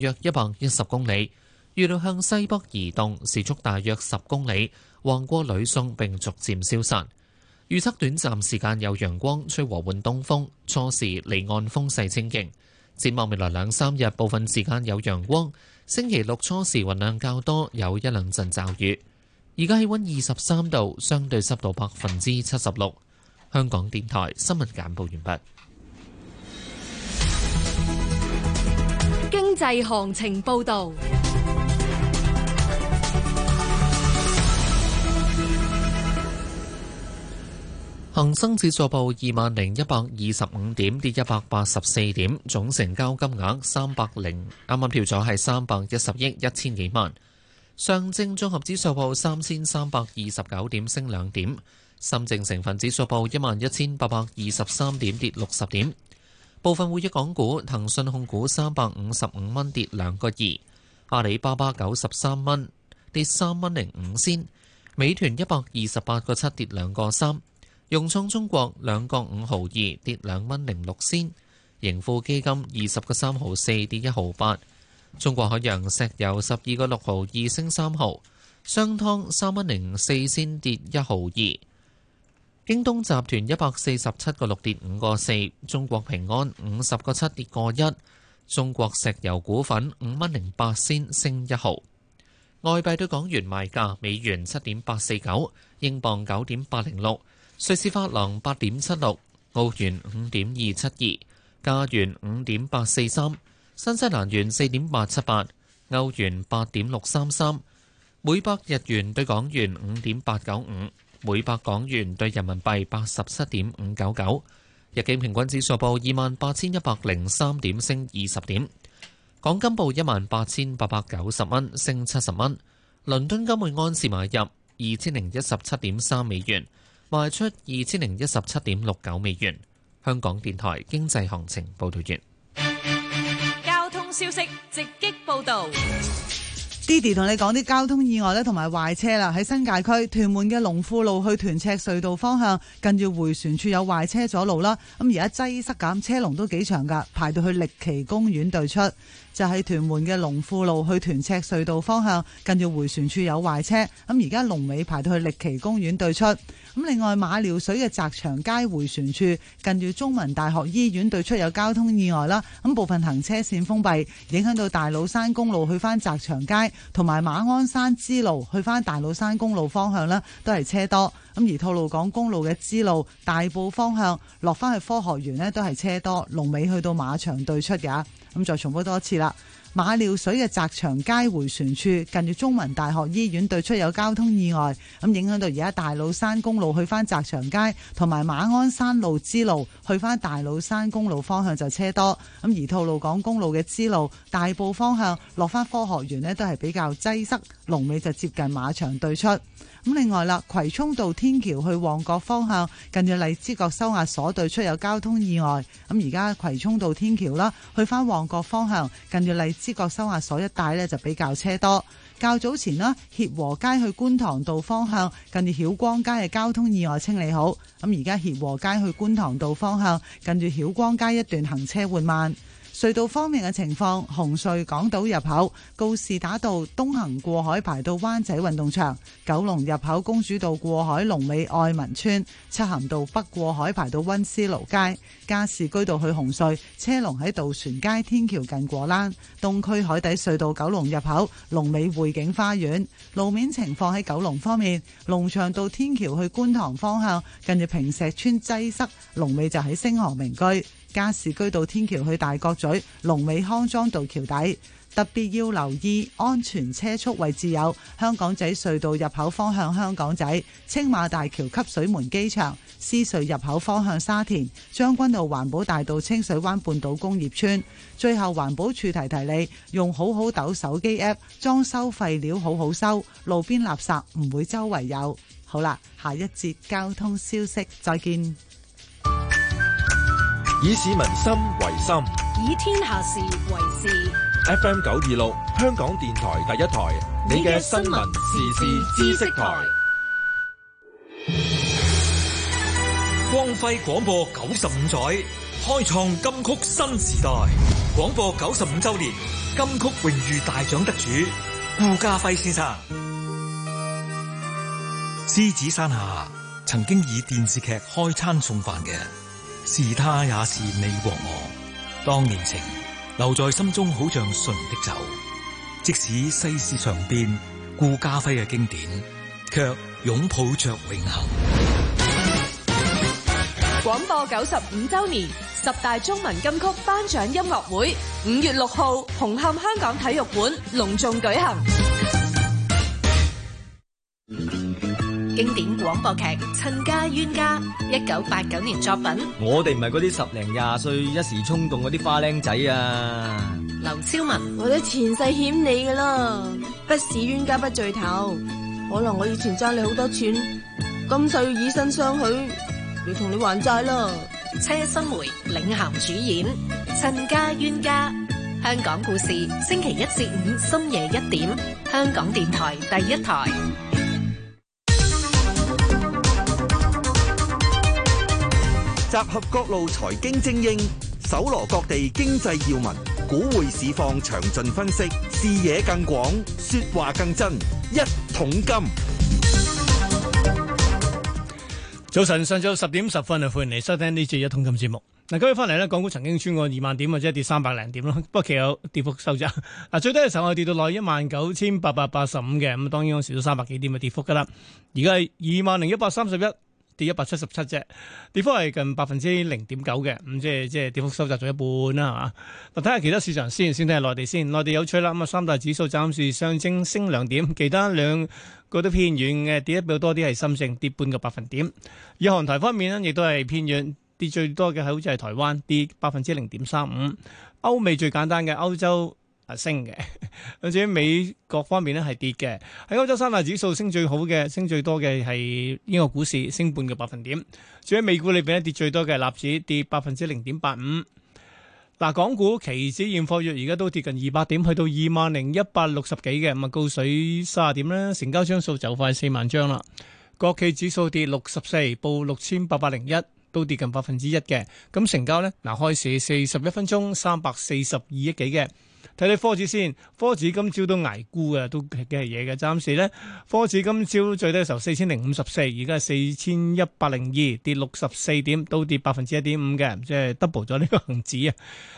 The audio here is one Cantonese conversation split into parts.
約一百一十公里，預料向西北移動，時速大約十公里，橫過呂宋並逐漸消散。預測短暫時間有陽光，吹和緩東風，初時離岸風勢清勁。展望未來兩三日，部分時間有陽光。星期六初時雲量較多，有一兩陣驟雨。而家氣溫二十三度，相對濕度百分之七十六。香港電台新聞簡報完畢。市行情報道，恒生指數報二萬零一百二十五點，跌一百八十四點，總成交金額三百零，啱啱跳咗係三百一十億一千幾萬。上證綜合指數報三千三百二十九點，升兩點。深證成分指數報一萬一千八百二十三點，跌六十點。部分會於港股，騰訊控股三百五十五蚊跌兩個二，阿里巴巴九十三蚊跌三蚊零五仙，美團一百二十八個七跌兩個三，融創中國兩個五毫二跌兩蚊零六仙，盈富基金二十個三毫四跌一毫八，中國海洋石油十二個六毫二升三毫，商湯三蚊零四仙跌一毫二。京東集團一百四十七個六跌五個四，中國平安五十個七跌個一，中國石油股份五蚊零八仙升一毫。外幣對港元賣價：美元七點八四九，英鎊九點八零六，瑞士法郎八點七六，澳元五點二七二，加元五點八四三，新西蘭元四點八七八，歐元八點六三三，每百日元對港元五點八九五。每百港元兌人民幣八十七點五九九，日經平均指數報二萬八千一百零三點，升二十點。港金報一萬八千八百九十蚊，升七十蚊。倫敦金每安士買入二千零一十七點三美元，賣出二千零一十七點六九美元。香港電台經濟行情報道員。交通消息直擊報導。Didi 同你講啲交通意外咧，同埋壞車啦，喺新界區屯門嘅龍富路去屯赤隧道方向近住回旋處有壞車阻路啦，咁而家擠塞減車龍都幾長噶，排到去力奇公園對出。就喺屯門嘅龍富路去屯赤隧道方向，近住回旋處有壞車。咁而家龍尾排到去力奇公園對出。咁另外馬料水嘅澤祥街回旋處，近住中文大學醫院對出有交通意外啦。咁部分行車線封閉，影響到大老山公路去翻澤祥街，同埋馬鞍山支路去翻大老山公路方向呢，都係車多。咁而吐露港公路嘅支路大埔方向落翻去科學園呢，都係車多。龍尾去到馬場對出㗎。咁再重播多一次啦。馬料水嘅澤祥街回旋處近住中文大學醫院對出有交通意外，咁影響到而家大老山公路去翻澤祥街同埋馬鞍山路支路去翻大老山公路方向就車多，咁而吐露港公路嘅支路大埔方向落翻科學園都係比較擠塞，龍尾就接近馬場對出。咁另外啦，葵涌道天橋去旺角方向近住荔枝角收押所對出有交通意外，咁而家葵涌道天橋啦去翻旺角方向近住荔。枝角收押所一帶咧，就比較車多，較早前啦，協和街去觀塘道方向近住曉光街嘅交通意外清理好，咁而家協和街去觀塘道方向近住曉光街一段行車緩慢。隧道方面嘅情況，紅隧港島入口告士打道東行過海排到灣仔運動場；九龍入口公主道過海龍尾愛民村；漆咸道北過海排到溫思勞街；加士居道去紅隧車龍喺渡船街天橋近果欄；東區海底隧道九龍入口龍尾匯景花園；路面情況喺九龍方面，龍翔道天橋去觀塘方向近住坪石村擠塞，龍尾就喺星河名居。加士居道天橋去大角咀、龍尾康莊道橋底，特別要留意安全車速位置有香港仔隧道入口方向香港仔、青馬大橋汲水門機場、獅隧入口方向沙田、將軍澳環保大道清水灣半島工業村。最後環保處提提你，用好好斗手機 app 裝修廢料好好收，路邊垃圾唔會周圍有。好啦，下一節交通消息，再見。以市民心為心，以天下事為事。FM 九二六，香港電台第一台，你嘅新聞、時事、知識台。光輝廣播九十五載，開創金曲新時代。廣播九十五周年金曲榮譽大獎得主顧嘉煇先生，獅子山下曾經以電視劇開餐送飯嘅。是他，也是你和我。當年情留在心中，好像醇的酒。即使世事常變，顧嘉輝嘅經典卻擁抱着永恆。廣播九十五周年十大中文金曲頒獎音樂會，五月六號紅磡香港體育館隆重舉行。嗯經典廣播劇《親家冤家》，一九八九年作品。我哋唔係嗰啲十零廿歲一時衝動嗰啲花僆仔啊！劉超文，我都前世欠你噶啦，不是冤家不聚頭。可能我以前爭你好多錢，今世要以身相許，要同你還債啦。車心梅領銜主演《親家冤家》，香港故事，星期一至五深夜一點，香港電台第一台。集合各路財經精英，搜羅各地經濟要聞，股匯市況詳盡分析，視野更廣，說話更真。一桶金。早晨，上晝十點十分啊，歡迎你收聽呢次一桶金節目。嗱，今日翻嚟咧，港股曾經穿過二萬點或者跌三百零點咯，不過其有跌幅收窄。嗱，最低嘅時候係跌到落一萬九千八百八十五嘅，咁當然有少少三百幾點嘅跌幅噶啦。而家係二萬零一百三十一。跌一百七十七隻，跌幅係近百分之零點九嘅，咁即係即係跌幅收窄咗一半啦，係嘛？嗱，睇下其他市場先，先睇下內地先。內地有趣啦，咁啊三大指數暫時上證升兩點，其他兩個都偏遠嘅跌得比較多啲，係深證跌半個百分點。以韓台方面呢，亦都係偏遠跌最多嘅係好似係台灣跌百分之零點三五，歐美最簡單嘅歐洲。升嘅，至於美國方面呢係跌嘅。喺歐洲三大指數升最好嘅，升最多嘅係英國股市升半嘅百分點。至於美股裏邊呢跌最多嘅，納指跌百分之零點八五。嗱，港股期指現貨月而家都跌近二百點，去到二萬零一百六十幾嘅，咪告水三十點啦。成交張數就快四萬張啦。國企指數跌六十四，報六千八百零一，都跌近百分之一嘅。咁成交呢，嗱，開市四十一分鐘三百四十二億幾嘅。睇睇科指先，科指今朝都挨沽嘅，都幾係嘢嘅。暫時呢，科指今朝最低嘅時候四千零五十四，而家係四千一百零二，跌六十四點，都跌百分之一點五嘅，即係 double 咗呢個恒指啊。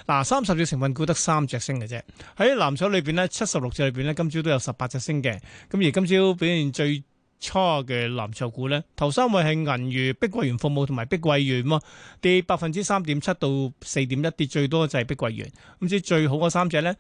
嗱，三十隻成分股得三隻升嘅啫，喺藍籌裏邊呢，七十六隻裏邊呢，今朝都有十八隻升嘅，咁而今朝表現最差嘅藍籌股呢，頭三位係銀娛、碧桂園服務同埋碧桂園喎，跌百分之三點七到四點一，跌最多就係碧桂園。咁至於最好嗰三隻呢？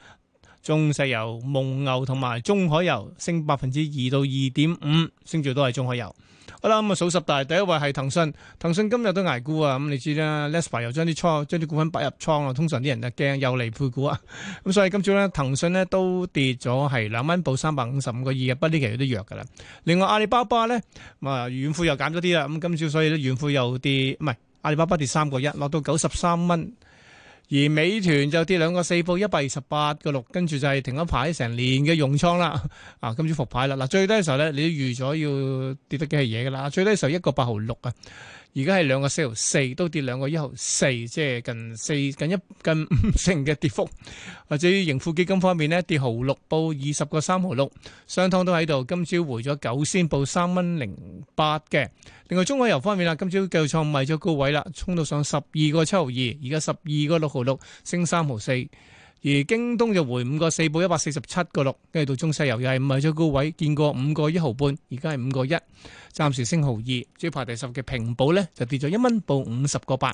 中石油、蒙牛同埋中海油升百分之二到二點五，升住都係中海油。好啦，咁啊，數十大，第一位係騰訊。騰訊今日都挨沽啊，咁你知啦 Lespa 又將啲倉將啲股份擺入倉啦。通常啲人就驚又嚟配股啊，咁所以今朝咧騰訊咧都跌咗係兩蚊報三百五十五個二嘅，不呢期有啲弱噶啦。另外阿里巴巴咧，啊，軟庫又減咗啲啦，咁今朝所以咧軟庫又跌，唔係阿里巴巴跌三個一，落到九十三蚊。而美團就跌兩個四報一百二十八個六，跟住就係停咗牌成年嘅融創啦，啊今次復牌啦，嗱最低嘅時候咧，你都預咗要跌得幾係嘢㗎喇，最低嘅時候一個八毫六啊。而家係兩個四毫四，都跌兩個一毫四，即係近四近一近五成嘅跌幅。或者於盈富基金方面呢，跌毫六報二十個三毫六，商湯都喺度，今朝回咗九仙報三蚊零八嘅。另外中海油方面啦，今朝繼續創埋咗高位啦，衝到上十二個七毫二，而家十二個六毫六，升三毫四。而京東就回五個四，報一百四十七個六，跟住到中石油又係五係咗高位，見過五個一毫半，而家係五個一，暫時升毫二。最排第十嘅平保咧就跌咗一蚊，報五十個八。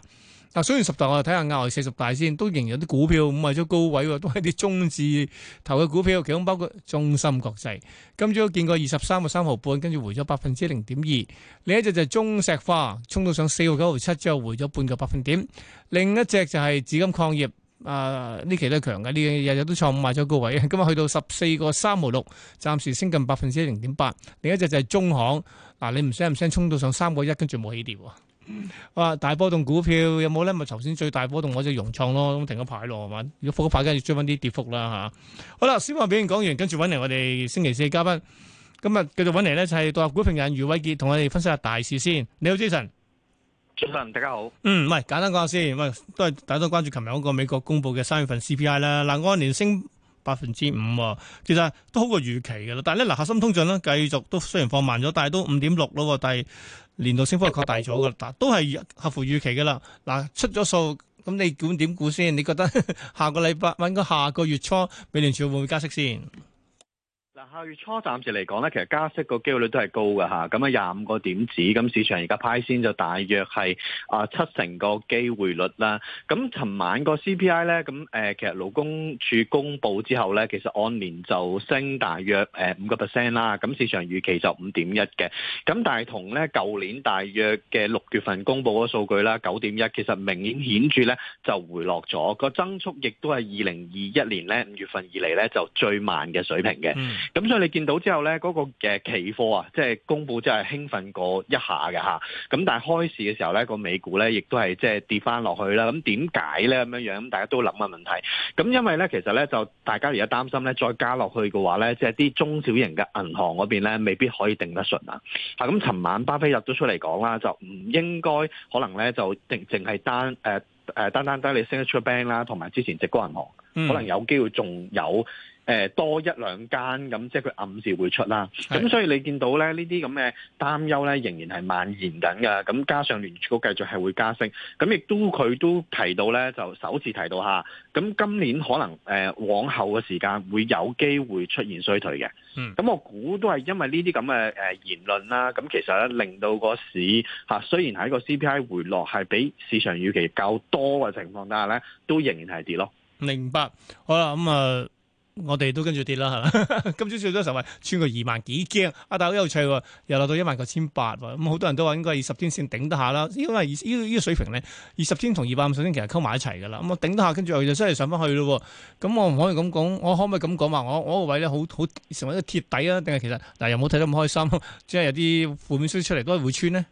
嗱，雖然十大我哋睇下額外四十大先，都仍有啲股票五係咗高位，都係啲中字頭嘅股票，其中包括中心國際，今朝見過二十三個三毫半，跟住回咗百分之零點二。另一隻就係中石化，衝到上四個九毫七，之後回咗半個百分點。另一隻就係紫金礦業。啊！呢、呃、期，呢期天天都係強嘅，呢日日都創五買咗高位，今日去到十四個三毫六，暫時升近百分之零點八。另一隻就係中行，嗱、啊、你唔升唔升，衝到上三個一，跟住冇起跌喎。哇！大波動股票有冇咧？咪頭先最大波動我就融創咯，停咗牌咯，係嘛？如果復咗牌，跟住追翻啲跌幅啦吓。好啦，先話表現講完，跟住揾嚟我哋星期四嘅嘉賓，今日繼續揾嚟呢，就係獨立股評人余偉傑，同我哋分析下大市先。你好，Jason。大家好。嗯，唔係，簡單講下先。喂，都係大家都關注琴日嗰個美國公布嘅三月份 CPI 啦。嗱，按年升百分之五，其實都好過預期嘅啦。但係咧，嗱，核心通脹咧繼續都雖然放慢咗，但係都五點六咯。但係年度升幅係擴大咗噶，但都係合乎預期噶啦。嗱，出咗數，咁你點點估先？你覺得呵呵下個禮拜，應該下個月初，美聯儲會唔會加息先？但下月初暫時嚟講咧，其實加息個機會率都係高㗎吓。咁啊，廿五個點子，咁市場而家派先就大約係啊七成個機會率啦。咁尋晚個 CPI 咧，咁誒其實勞工處公布之後咧，其實按年就升大約誒五個 percent 啦。咁市場預期就五點一嘅。咁但係同咧舊年大約嘅六月份公布嘅數據啦，九點一，其實明顯顯著咧就回落咗。個增速亦都係二零二一年咧五月份以嚟咧就最慢嘅水平嘅。嗯咁所以你見到之後咧，嗰個嘅期貨啊，即係公布即係興奮過一下嘅吓。咁但係開市嘅時候咧，個美股咧亦都係即係跌翻落去啦。咁點解咧咁樣樣？咁大家都諗下問題。咁因為咧，其實咧就大家而家擔心咧，再加落去嘅話咧，即係啲中小型嘅銀行嗰邊咧，未必可以定得順啊。咁尋晚巴菲特都出嚟講啦，就唔應該可能咧就淨淨係單誒誒單單單你升得出 bank 啦，同埋之前直沽銀行可能有機會仲有。誒多一兩間咁，即係佢暗示會出啦。咁的所以你見到咧，呢啲咁嘅擔憂咧，仍然係蔓延緊嘅。咁加上聯儲局繼續係會加息，咁亦都佢都提到咧，就首次提到下。咁今年可能誒、呃、往後嘅時間會有機會出現衰退嘅。嗯，咁我估都係因為呢啲咁嘅言論啦。咁其實咧，令到個市嚇雖然喺個 CPI 回落係比市場預期較多嘅情況下呢，但係咧都仍然係跌咯。明白。好啦，咁啊。我哋都跟住跌啦，係啦，今朝做到十穿過二萬幾驚，但好有趣喎，又落到一萬九千八。咁好多人都話應該二十天先頂得下啦，因為呢個水平咧，二十天同二百五十天其實溝埋一齊㗎啦，咁我頂得下，跟住又真係上翻去咯，咁我唔可以咁講，我可唔可以咁講話我我個位咧好好成為一個鐵底啊？定係其實但又冇睇得咁開心，即係有啲負面消息出嚟都係會穿呢。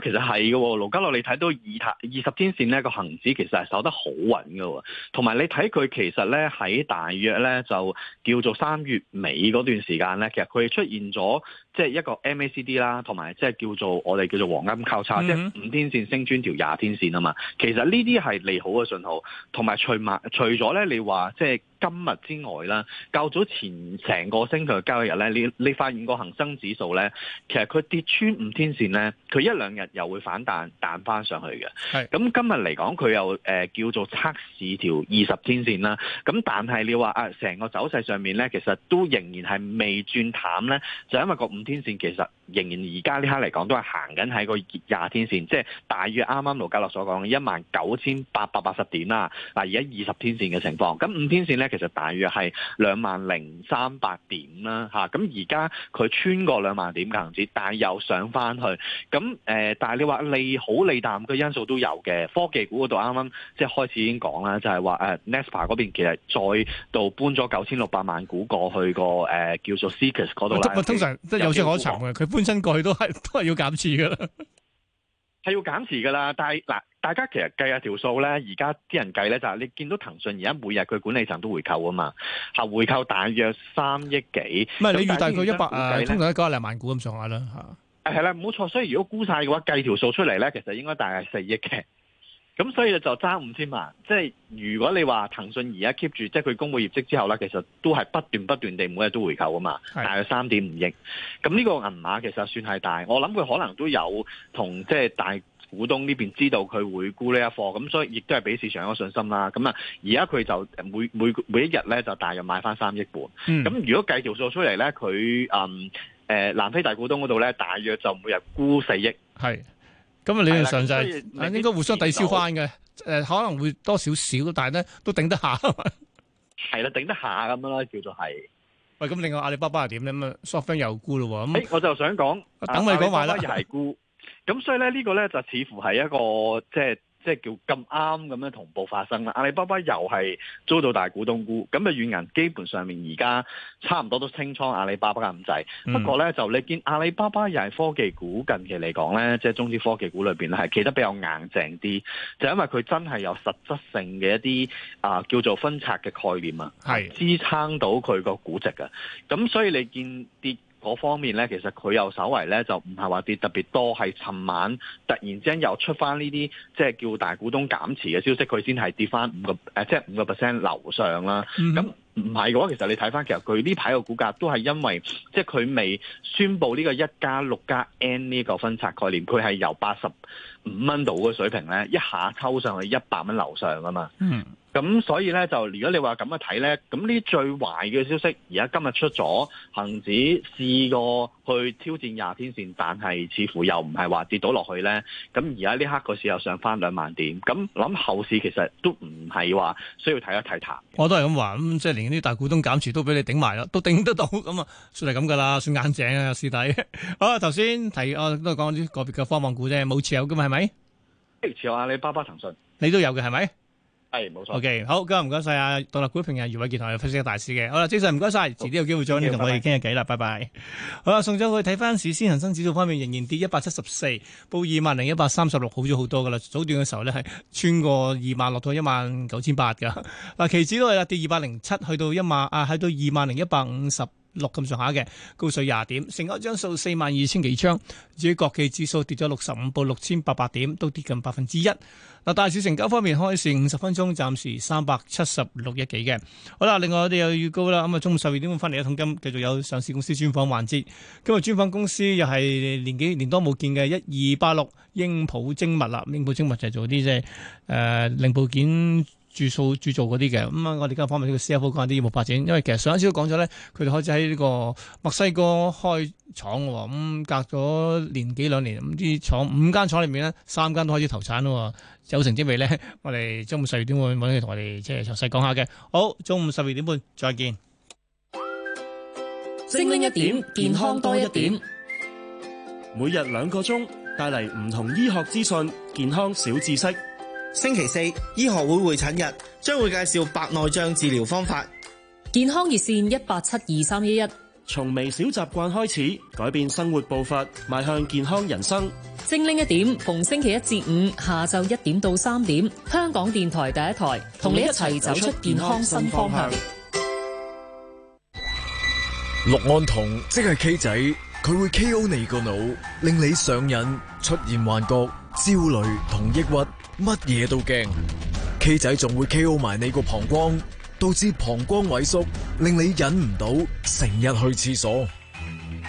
其實係嘅，盧家樂，你睇到二塔二十天線咧，個恒指其實係守得好穩嘅，同埋你睇佢其實咧喺大約咧就叫做三月尾嗰段時間咧，其實佢出現咗。即係一個 MACD 啦，同埋即係叫做我哋叫做黃金交叉，嗯、哼即係五天線升穿條廿天線啊嘛。其實呢啲係利好嘅信號，同埋除埋除咗咧，你話即係今日之外啦，較早前成個星期嘅交易日咧，你你發現個恒生指數咧，其實佢跌穿五天線咧，佢一兩日又會反彈彈翻上去嘅。咁是今日嚟講，佢又、呃、叫做測試條二十天線啦。咁但係你話啊，成個走勢上面咧，其實都仍然係未轉淡咧，就因為個五天線其實仍然而家呢刻嚟講都係行緊喺個廿天線，即、就、係、是、大約啱啱盧家樂所講嘅一萬九千八百八十點啦。嗱，而家二十天線嘅情況，咁五天線咧其實大約係兩萬零三百點啦，嚇。咁而家佢穿過兩萬點嘅恆指，但係又上翻去。咁誒、呃，但係你話利好利淡嘅因素都有嘅。科技股嗰度啱啱即係開始已經講啦，就係話誒 Nasdaq 嗰邊其實再度搬咗九千六百萬股過去個誒、呃、叫做 Seekers 嗰度啦。通常都有。即係可嘅，佢本身過去都係都係要減持嘅啦，係要減持嘅啦。但係嗱，大家其實計一下條數咧，而家啲人計咧就係你見到騰訊而家每日佢管理層都回購啊嘛，嚇，回購大約三億幾，唔係你預大概一百啊，通常一係兩萬股咁上下啦嚇。誒係啦，冇錯。所以如果估晒嘅話，計條數出嚟咧，其實應該大概係四億嘅。咁所以就爭五千萬，即係如果你話騰訊而家 keep 住，即係佢公布業績之後咧，其實都係不斷不斷地每日都回購啊嘛，大約三點五億。咁呢是個銀碼其實算係大，我諗佢可能都有同即係大股東呢邊知道佢會沽呢一貨，咁所以亦都係俾市場一個信心啦。咁啊，而家佢就每每每一日咧就大約買翻三億半。咁、嗯、如果計條數出嚟咧，佢嗯誒、呃、南非大股東嗰度咧，大約就每日沽四億。係。咁啊，理論上就係應該互相抵消翻嘅，誒可能會多少少，但係咧都頂得下。係啦，頂得下咁樣咯，叫做係。喂，咁另外阿里巴巴係點咧？咁啊，SoftBank 又沽咯喎。咁、欸，我就想、啊、你講，等你講埋啦。阿里巴巴又係沽，咁所以咧呢、呢個咧就似乎係一個即係。就是即係叫咁啱咁樣同步發生啦，阿里巴巴又係遭到大股東沽，咁啊軟銀基本上面而家差唔多都清倉阿里巴巴咁滯。不過咧，就你見阿里巴巴又係科技股，近期嚟講咧，即係中資科技股裏面係企得比較硬淨啲，就因為佢真係有實質性嘅一啲啊，呃，叫做分拆嘅概念啊，係的支撐到佢個估值啊。咁所以你見嗰方面咧，其實佢又稍為咧就唔係話跌特別多，係尋晚突然之間又出翻呢啲即係叫大股東減持嘅消息，佢先係跌翻五個誒，即係五個 percent 樓上啦。咁唔係嘅話，其實你睇翻其實佢呢排嘅股價都係因為即係佢未宣布呢個一加六加 N 呢個分拆概念，佢係由八十五蚊度嘅水平咧，一下抽上去一百蚊樓上啊嘛。嗯。咁所以咧，就如果你話咁嘅睇咧，咁呢最壞嘅消息而家今日出咗，恒指試過去挑戰廿天線，但係似乎又唔係話跌到落去咧。咁而家呢刻個市又上翻兩萬點，咁諗後市其實都唔係話需要睇一睇淡。我都係咁話，咁即係連啲大股東減持都俾你頂埋啦，都頂得到咁啊，算係咁噶啦，算硬淨啊師弟。好，頭先提我都係講啲個別嘅科網股啫，冇持有噶嘛係咪？即係持有阿里巴巴、騰訊，你都有嘅係咪？係冇錯。O、okay, K，好，今日唔該晒阿獨立股評人余偉傑同阿分析嘅大師嘅。好啦，正常，唔該晒，遲啲有機會再呢同謝我哋傾下偈啦，拜拜。拜拜，好啦，送咗佢，睇翻市先，先恒生指數方面仍然跌一百七十四，報二萬零一百三十六，好咗好多噶啦。早段嘅時候咧係穿過二萬落到一萬九千八噶。嗱，期指都係啦，跌二百零七，去到一萬啊，喺到二萬零一百五十。六咁上下嘅，高水廿點，成交張數四萬二千幾張。至於國企指數跌咗六十五到六千八百點，都跌近百分之一。嗱，大市成交方面，開市五十分鐘，暫時三百七十六億幾嘅。好啦，另外我哋又預告啦。咁啊，中午十二點翻嚟一桶金，繼續有上市公司專訪環節。今日專訪公司又係年幾年多冇見嘅一二八六英普精密啦。英普精密就係做啲即係誒零部件。鑄造鑄做嗰啲嘅。咁、嗯、啊，我哋今日訪問呢個 CFO 講下啲業務發展，因為其實上一次都講咗咧，佢哋開始喺呢個墨西哥開廠，咁、嗯、隔咗年幾兩年，啲、嗯、廠五間廠裏面咧，三間都開始投產咯，有成績未咧？我哋中午十二點會揾佢同我哋即係詳細講下嘅。好，中午十二點半再見。聲音一點，健康多一點。每日兩個鐘，帶嚟唔同醫學資訊，健康小知識。星期四醫學會會診日將會介紹白內障治療方法。健康熱線一八七二三一一。從微小習慣開始，改變生活步伐，邁向健康人生。精靈一點，逢星期一至五下晝一點到三點，香港電台第一台，同你一齊走出健康新方向。氯胺酮，即係 K 仔，佢會 K O 你個腦，令你上癮、出現幻覺、焦慮同抑鬱。乜嘢都驚，K 仔仲會 K O 埋你個膀胱，導致膀胱萎縮，令你忍唔到，成日去廁所。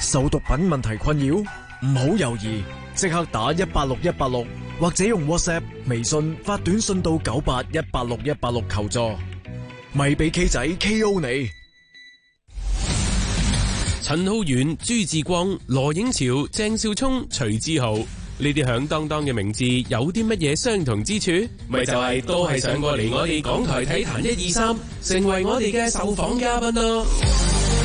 受毒品問題困擾，唔好猶豫，即刻打一八六一八六，6, 或者用 WhatsApp、微信發短信到九八一八六一八六求助，咪俾 K 仔 K O 你。陳浩遠、朱志光、羅影潮、鄭少聰、徐志豪。呢啲響噹噹嘅名字有啲乜嘢相同之處？咪就係都係上過嚟我哋港台體壇一二三，成為我哋嘅受訪嘉賓咯。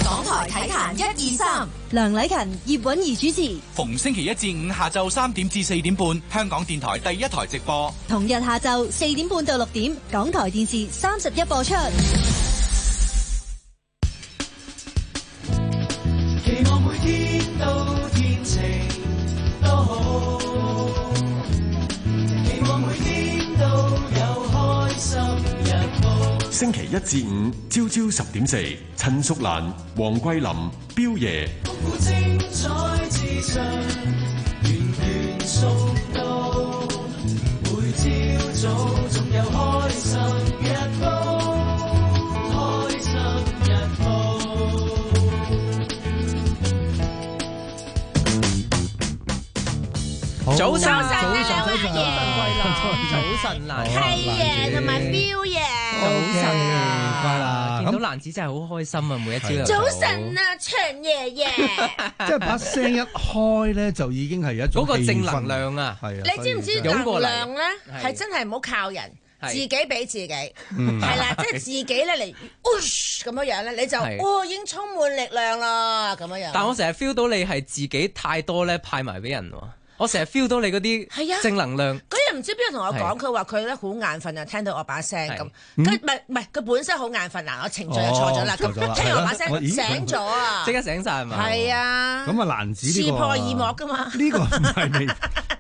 港台體壇一二三，梁禮勤、葉韻儀主持。逢星期一至五下晝三點至四點半，香港電台第一台直播；同日下晝四點半到六點，港台電視三十一播出。期望每天都。星期一至五朝朝十點四，陳淑蘭、黃桂林、彪爺。好，早上，早上，早上，早上。晨啊，同埋 feel 爺，早晨，乖啦，見到蘭子真係好開心啊，每一朝。早晨啊，長爺爺，即係把聲一開咧，就已經係一種，嗰個正能量啊，係啊。你知唔知能量咧，係真係唔好靠人，自己俾自己，係啦，即係自己咧嚟，咁樣樣咧，你就哦已經充滿力量啦，咁樣樣。但我成日 feel 到你係自己太多咧派埋俾人喎。我成日 feel 到你嗰啲正能量。佢又唔知邊度同我講，佢話佢咧好眼瞓啊，聽到我把聲咁。佢唔係唔係，佢本身好眼瞓嗱，我程序又錯咗啦，咁聽到我把聲醒咗啊，即刻醒晒係咪？係啊。咁啊，蘭子呢個似破耳膜㗎嘛？呢個係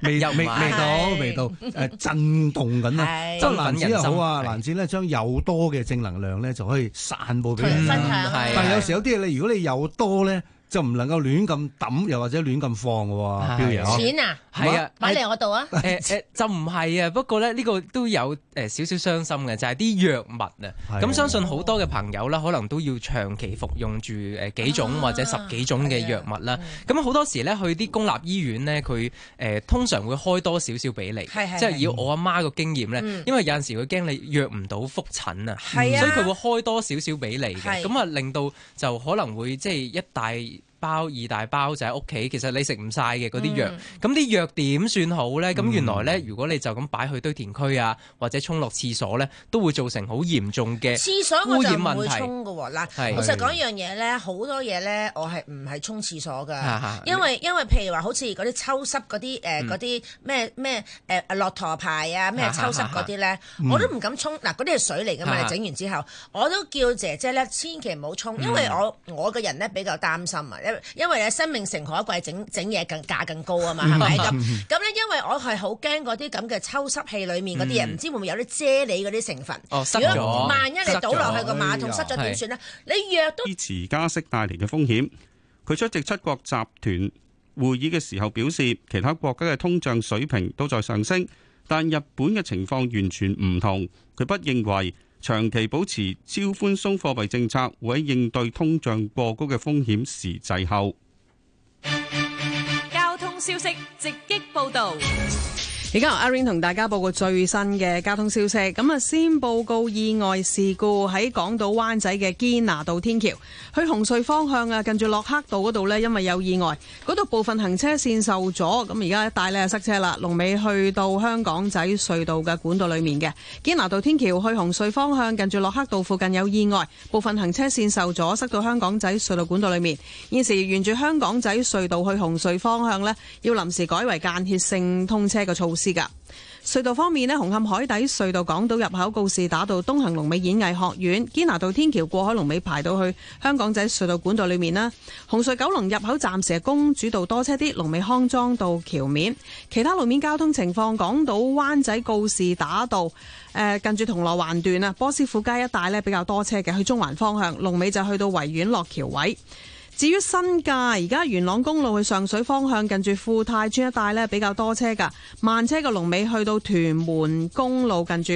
未味未未到，未到誒震動緊啊。即係蘭子又好啊，蘭子咧將有多嘅正能量咧就可以散播俾人分享。但係有時有啲嘢，你如果你有多咧。就唔能夠亂咁揼，又或者亂咁放嘅喎。錢啊，係啊，買嚟我度啊。誒誒，就唔係啊。不過咧，呢個都有誒少少傷心嘅，就係啲藥物啊。咁相信好多嘅朋友呢，可能都要長期服用住誒幾種或者十幾種嘅藥物啦。咁好多時咧，去啲公立醫院咧，佢誒通常會開多少少俾你。即係以我阿媽個經驗咧，因為有陣時佢驚你約唔到覆診啊，所以佢會開多少少俾你嘅。咁啊，令到就可能會即係一大包二大包就喺屋企，其實你食唔晒嘅嗰啲藥，咁啲藥點算好咧？咁原來咧，如果你就咁擺去堆填區啊，或者沖落廁所咧，都會造成好嚴重嘅廁所我就唔會沖㗎喎。嗱，污染問題。老實講一樣嘢咧，好多嘢咧，我係唔係沖廁所噶？因為因為譬如話好似嗰啲抽濕嗰啲誒嗰啲咩咩誒駱駝牌啊咩抽濕嗰啲咧，我都唔敢沖。嗱，嗰啲係水嚟㗎嘛，你整完之後我都叫姐姐咧，千祈唔好沖，因為我我個人咧比較擔心啊。因為咧，生命誠可貴，整整嘢，更價更高啊嘛，係咪咁？咁咧，因為我係好驚嗰啲咁嘅抽濕器裏面嗰啲嘢，唔知會唔會有啲啫喱嗰啲成分。如果萬一你倒落去個馬桶，塞咗點算咧？你若都支持加息帶嚟嘅風險，佢出席七國集團會議嘅時候表示，其他國家嘅通脹水平都在上升，但日本嘅情況完全唔同，佢不認為。長期保持超寬鬆貨幣政策，會喺應對通脹過高嘅風險時滯後。交通消息直擊報導。而家由阿 Ring 同大家報告最新嘅交通消息。咁啊，先報告意外事故喺港島灣仔嘅堅拿道天橋去紅隧方向啊，近住洛克道嗰度咧，因為有意外，嗰度部分行車線受阻，咁而家一帶呢就塞車啦，龍尾去到香港仔隧道嘅管道裏面嘅堅拿道天橋去紅隧方向，近住洛克道附近有意外，部分行車線受阻，塞到香港仔隧道管道裏面。現時沿住香港仔隧道去紅隧方向咧，要臨時改為間歇性通車嘅措施。隧道方面咧，紅磡海底隧道港島入口告士打道東行龍尾演藝學院堅拿道天橋過海龍尾排到去香港仔隧道管道裏面啦。紅隧九龍入口暫時係公主道多車啲，龍尾康莊道橋面。其他路面交通情況，港島灣仔告士打道誒，近住銅鑼灣段啊，波斯富街一帶咧，比較多車嘅，去中環方向龍尾就去到維園落橋位。至於新界，而家元朗公路去上水方向，近住富泰村一帶呢，比較多車㗎，慢車嘅龍尾去到屯門公路近住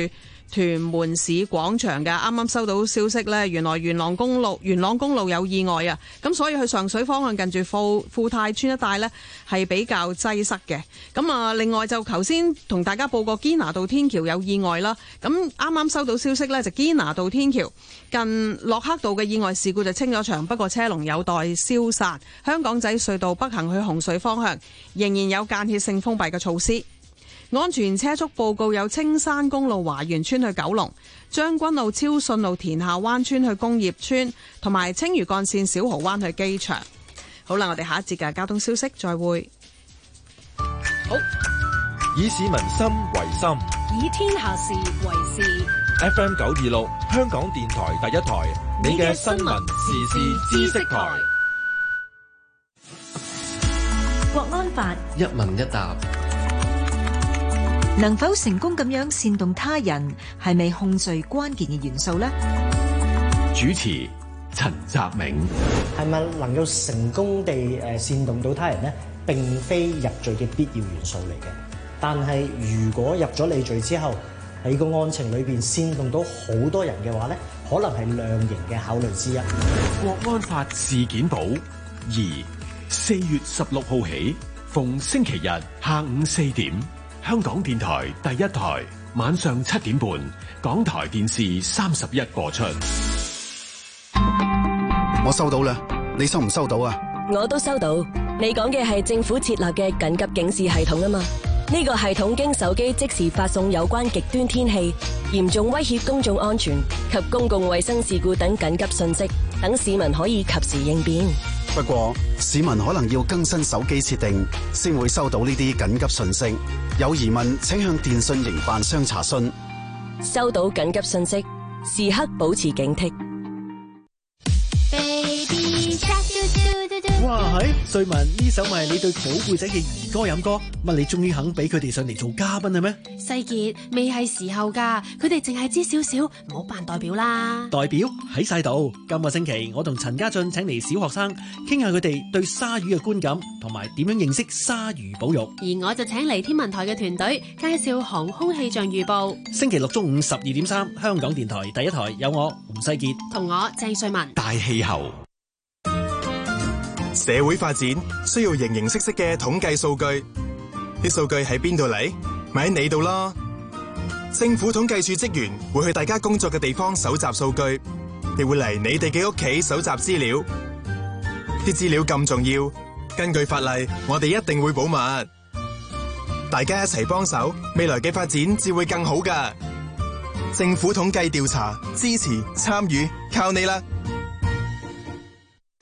屯門市廣場嘅。啱啱收到消息呢，原來元朗公路，元朗公路有意外啊，咁所以去上水方向近住富富泰村一帶呢係比較擠塞嘅。咁啊，另外就頭先同大家報過堅拿道天橋有意外啦。咁啱啱收到消息呢，就堅拿道天橋近洛克道嘅意外事故就清咗場，不過車龍有待消散。香港仔隧道北行去洪水方向仍然有間歇性封閉嘅措施。安全車速報告有青山公路華源村去九龍將軍路、超順路、田下灣村去工業村，同埋青嶼幹線小河灣去機場。好啦，我哋下一節嘅交通消息，再會。好，以市民心為心，以天下事為事。F M 九二六，香港電台第一台，你嘅新聞時事知識台。國安法一問一答。能否成功咁樣煽動他人，係咪控罪關鍵嘅元素呢？主持陳澤明係咪能夠成功地誒煽動到他人呢？並非入罪嘅必要元素嚟嘅。但係如果入咗你罪之後，喺個案情裏邊煽動到好多人嘅話呢，可能係量刑嘅考慮之一。國安法事件簿二，四月十六號起，逢星期日下午四點。香港電台第一台，晚上七點半，港台電視三十一播出。我收到啦，你收唔收到啊？我都收到。你講嘅係政府設立嘅緊急警示系統啊嘛？呢個系統經手機即時發送有關極端天氣、嚴重威脅公眾安全及公共衛生事故等緊急信息，等市民可以及時應變。不過，市民可能要更新手機設定，先會收到呢啲緊急訊息。有疑問，請向電訊營辦商查詢。收到緊急信息，時刻保持警惕。瑞文，呢首咪你對寶貝仔嘅兒歌飲歌，乜你終於肯俾佢哋上嚟做嘉賓啦？咩？世傑未係時候噶，佢哋淨係知少少，唔好扮代表啦。代表喺晒度，今個星期我同陳家俊請嚟小學生傾下佢哋對鯊魚嘅觀感，同埋點樣認識鯊魚保育。而我就請嚟天文台嘅團隊介紹航空氣象預報。星期六中午十二點三，香港電台第一台有我吳世傑同我鄭瑞文大氣候。社會發展需要形形色色嘅統計數據，啲數據喺邊度嚟？咪喺你度咯。政府統計處職員會去大家工作嘅地方搜集數據，亦會嚟你哋嘅屋企搜集資料。啲資料咁重要，根據法例，我哋一定會保密。大家一齊幫手，未來嘅發展至會更好噶。政府統計調查，支持參與，靠你啦！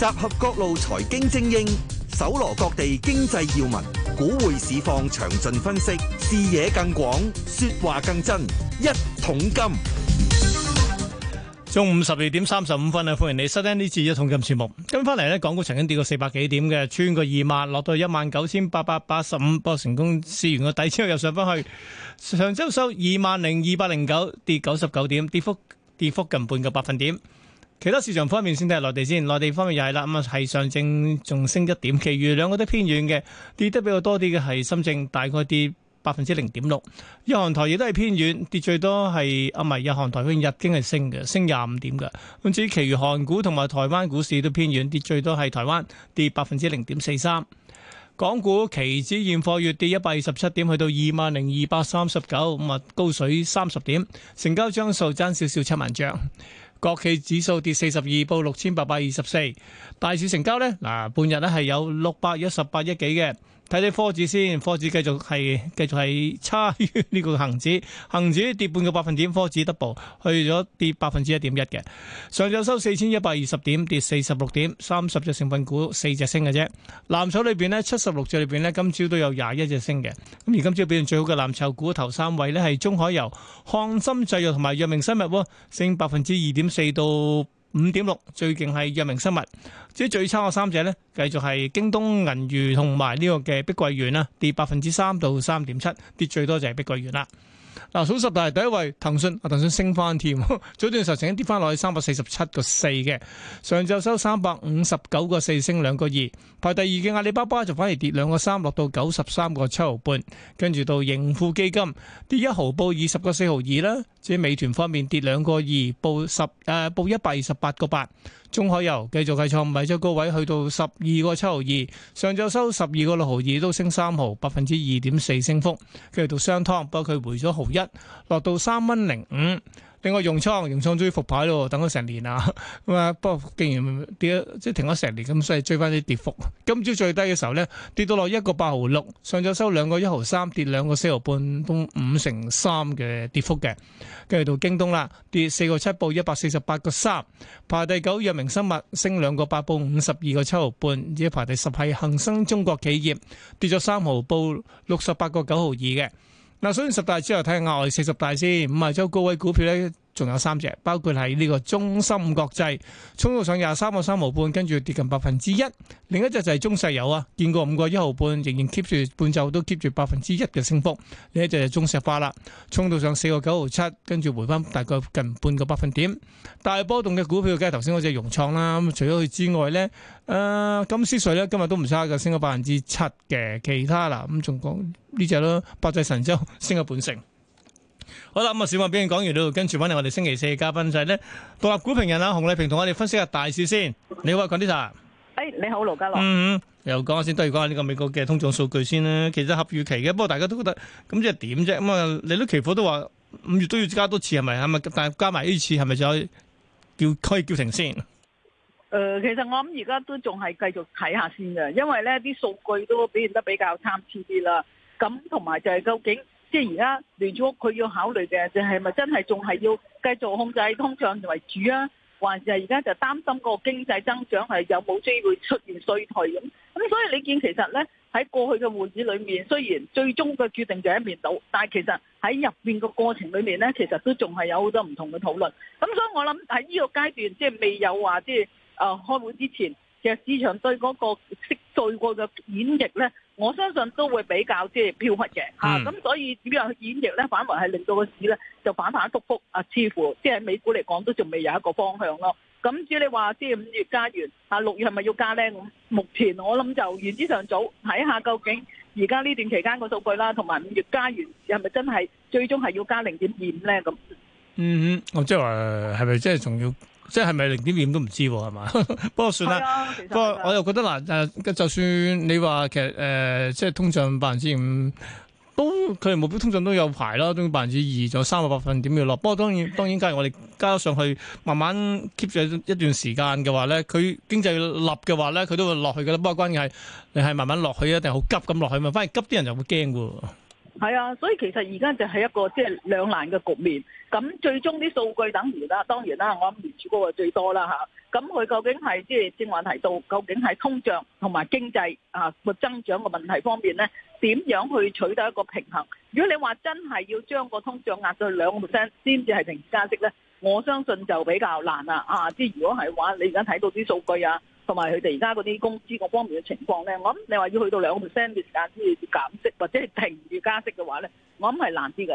集合各路財經精英，搜羅各地經濟要聞，股匯市況詳盡分析，視野更廣，說話更真。一桶金，中午十二點三十五分啊！歡迎你收聽呢次一桶金節目。跟翻嚟呢，港股曾經跌過四百幾點嘅，穿過二萬，落到一萬九千八百八十五，不過成功試完個底之後又上翻去。上周收二萬零二百零九，跌九十九點，跌幅跌幅近半個百分點。其他市場方面先睇下內地先，內地方面又係啦，咁啊係上證仲升一點，其餘兩個都偏遠嘅，跌得比較多啲嘅係深證，大概跌百分之零點六。日韓台亦都係偏遠，跌最多係啊唔係日韓台，佢日經係升嘅，升廿五點嘅。咁至於其餘韓股同埋台灣股市都偏遠，跌最多係台灣跌百分之零點四三。港股期指現貨月跌一百二十七點，去到二萬零二百三十九，咁啊高水三十點，成交張數增少少七萬張。國企指數跌四十二，報六千八百二十四。大市成交咧，嗱，半日咧係有六百一十八億幾嘅。睇睇科指先，科指繼續係繼續係差於呢個恒指，恒指跌半個百分點，科指 double 去咗跌百分之一點一嘅。上晝收四千一百二十點，跌四十六點，三十隻成分股四隻升嘅啫。藍籌裏邊呢，七十六隻裏邊呢，今朝都有廿一隻升嘅。咁而今朝表現最好嘅藍籌股頭三位呢，係中海油、翰森製藥同埋藥明生物，升百分之二點四到。五點六，最勁係藥明生物。至於最差嘅三隻咧，繼續係京東、銀娛同埋呢個嘅碧桂園啦，跌百分之三到三點七，跌最多就係碧桂園啦。嗱，數十大第一位騰訊，阿、啊、騰訊升翻添，早段時候曾經跌翻落去三百四十七個四嘅，上晝收三百五十九個四，升兩個二。排第二嘅阿里巴巴就反而跌兩個三，落到九十三個七毫半，跟住到盈富基金跌一毫報二十個四毫二啦。至於美團方面跌兩個二，報十誒報一百二十八個八。中海油繼續計錯，米咗高位去到十二個七毫二，上晝收十二個六毫二，都升三毫，百分之二點四升幅，繼續到商湯，不過佢回咗毫一，落到三蚊零五。另外融創，融創，終於復牌咯，等咗成年啊！咁啊，不過竟然跌咗，即係停咗成年咁，所以追翻啲跌幅。今朝最低嘅時候咧，跌到落一個八毫六，上晝收兩個一毫三，跌兩個四毫半，都五成三嘅跌幅嘅。跟住到京東啦，跌四個七，報一百四十八個三，排第九。藥明生物升兩個八，報五十二個七毫半，而排第十係恒生中國企業，跌咗三毫，報六十八個九毫二嘅。嗱，所以十大之後睇下外四十大先，五十周高位股票呢。仲有三隻，包括喺呢個中芯國際，衝到上廿三個三毫半，跟住跌近百分之一。另一隻就係中石油啊，見過五個一毫半，仍然 keep 住半晝都 keep 住百分之一嘅升幅。另一隻就係中石化啦，衝到上四個九毫七，跟住回翻大概近半個百分點。大波動嘅股票梗係頭先嗰隻融創啦，咁除咗佢之外咧，誒、呃、金絲水咧今日都唔差嘅，升咗百分之七嘅。其他啦，咁仲講呢隻咯，百濟神州哈哈升咗半成。好啦，咁、嗯、啊，小話俾你講完啦，跟住翻嚟我哋星期四嘅嘉賓就係咧獨立股評人啦，啊，洪禮平同我哋分析下大市先。你好，Gardista。誒、哎，你好，盧家樂。嗯，又講下先，都要講下呢個美國嘅通脹數據先啦。其實合預期嘅，不過大家都覺得咁即係點啫？咁、嗯、啊，你都期貨都話五月都要加多次係咪？係咪？但係加埋呢次係咪就可以叫停先？誒、呃，其實我諗而家都仲係繼續睇下先嘅，因為咧啲數據都表現得比較參差啲啦。咁同埋就係究竟。即係而家聯儲局佢要考慮嘅就係咪真係仲係要繼續控制通脹為主啊？還是係而家就擔心個經濟增長係有冇機會出現衰退咁、啊？咁所以你見其實咧喺過去嘅會議裏面，雖然最終嘅決定就一面倒，但係其實喺入面個過程裏面咧，其實都仲係有好多唔同嘅討論。咁所以我諗喺呢個階段，即係未有話即係誒開會之前其實市場對嗰個息再過嘅演繹咧。我相信都會比較即係飄忽嘅嚇，咁、嗯啊、所以點樣去演繹咧？反為係令到個市咧就反反覆覆啊，似乎即係喺美股嚟講都仲未有一個方向咯。咁至於你話即係五月加元嚇、啊、六月係咪要加咧？咁目前我諗就言之尚早，睇下究竟而家呢段期間個數據啦，同埋五月加元係咪真係最終係要加零點二五咧？咁嗯嗯，我即係話係咪即係仲要？即係咪零點五都唔知喎？係嘛？ 不過算啦。啊、不過我又覺得嗱就算你話其實誒、呃，即係通脹百分之五都佢哋目標通脹都有排啦，都百分之二，再三個百分點要落。不過當然當然，假如我哋加上去，慢慢 keep 住一段時間嘅話咧，佢經濟立嘅話咧，佢都會落去㗎啦。不過關鍵係你係慢慢落去呀，定係好急咁落去？反而急啲人就會驚喎。係啊，所以其實而家就係一個即係兩難嘅局面。咁最終啲數據等完啦，當然啦，我諗聯儲局啊最多啦吓。咁佢究竟係即係正話提到，究竟係通脹同埋經濟啊個增長嘅問題方面咧，點樣去取得一個平衡？如果你話真係要將個通脹壓到去兩個 percent，先至係停止加息咧，我相信就比較難啦。啊，即係如果係話你而家睇到啲數據啊。同埋佢哋而家嗰啲工資各方面嘅情況咧，我諗你話要去到兩個 percent 嘅時間先至減息，或者係停住加息嘅話咧，我諗係難啲嘅